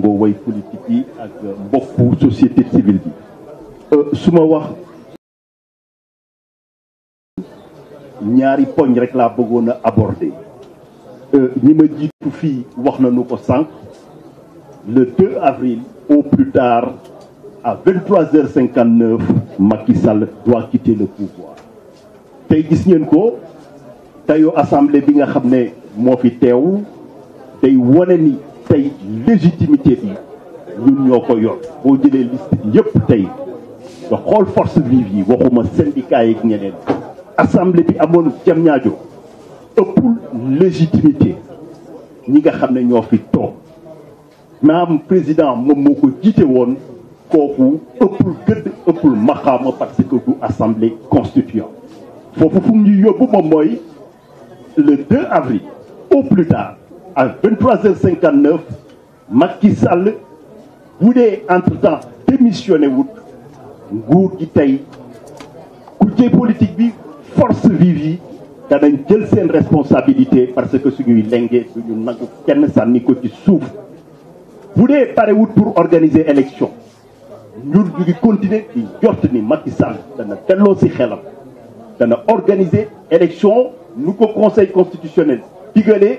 naataangoo way politique yi ak mbokku société civile bi euh, su ma wax ñaari poñ rek la bëggoon aborder euh ma jiitu fi wax ko sank le 2 avril au plus tard à 23h59 Macky Sall doit quitter le pouvoir tay gis ngeen ko teyoo assemblée bi nga xamné mo fi tay wane ni tay légitimité bi ñun ñoko yor boo jëlee liste bi tay tey force vive yi waxuma syndicat yi ak ñeneen assemblée bi mon jam ñaajo ëppul légitimité ñi nga xamné ne ñoo fi toog maam président moom moo ko jiite woon ëppul gëdd ëppul maxaama parce que du assemblée constituante fofu fu mu ñuy yóbbu mois le 2 avril au plus tard à 23h59 Macky Sall voulait en entre temps démissionner wut nguur gi côté politique bi force vive dans une jël responsabilité parce que suñuy qui suñu qui kenn sànni ko ci suuf souffre, dee pare pour organiser l'élection nous devons continuer di Macky Sall organiser élection nous ko conseil constitutionnel digalee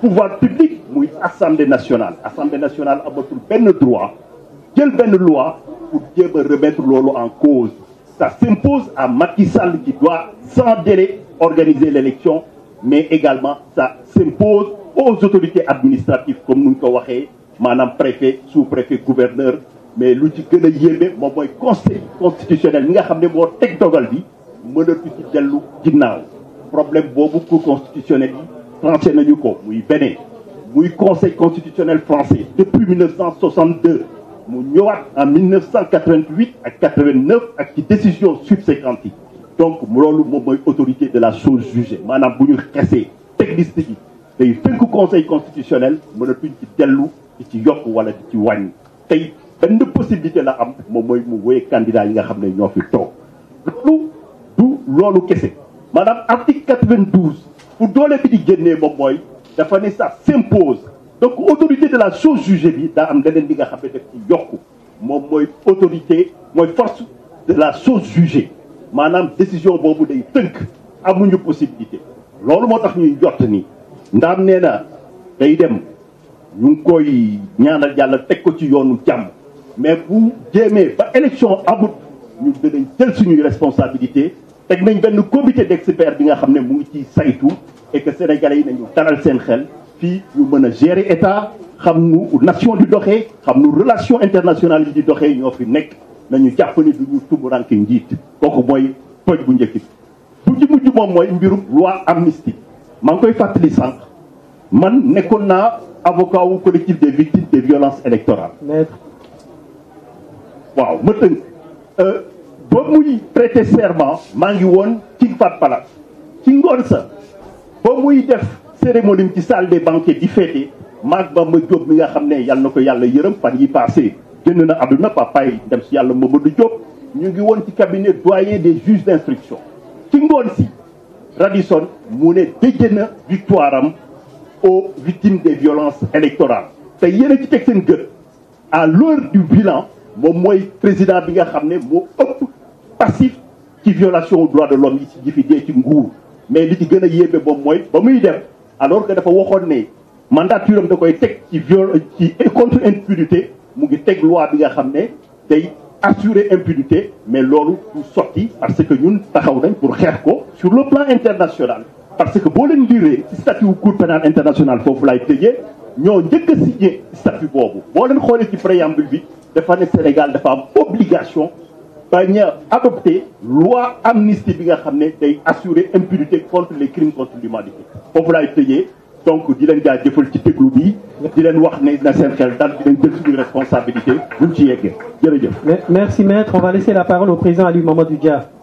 pouvoir public oui, assemblée nationale assemblée nationale amatul ben droit jël ben loi pour remettre l'eau en cause ça s'impose à Macky Sall qui doit sans délai organiser l'élection mais également ça s'impose aux autorités administratives comme nous ñu ko préfet sous-préfet gouverneur mais le ci que a yéeme moom conseil constitutionnel mi nga xam ne moo dogal bi mënatu ci problème beaucoup constitutionnel tranché nañu ko muy beneen muy conseil constitutionnel français depuis 1962 nous ñëwaat en 1988 ak 89 ak ci décision subséquente donc nous avons autorité de la chose jugée maanaam bu ñu technique. et il fait que conseil constitutionnel mënatuñ ci dellu di ci yokk wala di ci wàññi tey benn possibilité la am moom mooy mu wéyee candidat yi nga xam ne ñoo nous toog loolu du loolu kese article 92 pour doole bi di génnee moom mooy dafa ne ça s'impose donc autorité de la chose jugée bi daa am leneen bi nga xam ne def ci yokku moom mooy autorité mooy force de la chose jugée maanaam décision boobu day tënk amuñu possibilité loolu moo tax ñuy jot ni ndaam nee na day dem ñu ngi koy ñaanal yàlla teg ko ci yoonu jàmm mais bu jéemee ba élection amut ñu dinañ jël suñuy responsabilité teg nañ benn comité d'experts bi nga xam ne mu ngi ciy saytu et que sénégalais yi nañu dalal seen xel fii ñu mën a gérer état xam nu nation di doxee xam nu relation internationale yi di doxee ñoo fi nekk nañu jàpp ni du ñu tumburanke njiit kooku mooy pëj bu njëkk bu ci mujj moom mooy mbirum loi amnistie maa ngi koy fàttali sànq man nekkoon naa avocat wu collectif des victimes des violences électorales waaw ma tënk euh, ba muy serment maa ngi woon King Fahd Palace ci ngoon sa ba muy def cérémonie ci salle des banquets di fêté maag ba ma Diop mi nga xam ne yàlla na ko yàlla yërëm fan yi passé génn na àdduna papaay dem si yàlla Mamadou Diop ñu ngi woon ci cabinet doyen des juges d'instruction ci ngoon si Radisson mu ne déjjë na victoire am aux victimes des violences électorales te yéen a ci teg seen gër à l'heure du bilan moom mooy président bi nga xam ne moo ëpp passif qui violation droit de l'homme yi ci ji fi dee ci ngour mais li ci gën a yéeme boobu mooy ba muy dem alors que dafa waxone ne mandature am da koy teg ci viol ci contre impunité mu ngi teg loi bi nga xamné ne day assurer impunité mais lolu du sorti parce que ñun taxaw nañ pour xéx ko sur le plan international parce que bo leen liree ci statut cour pénal international fofu lay tëjee ñoo njëkk a signé statut bobu bo leen xolé ci préambule bi dafa ne Sénégal dafa am obligation bañ a adopté loi amnistie qui nga assurer impunité contre les crimes contre l'humanité On va étayer donc di leen jaajëfal ci déglu bi di l'oubli, wax ne na seen xel responsabilité vous ci merci maître on va laisser la parole au président Ali Mamadou Dia.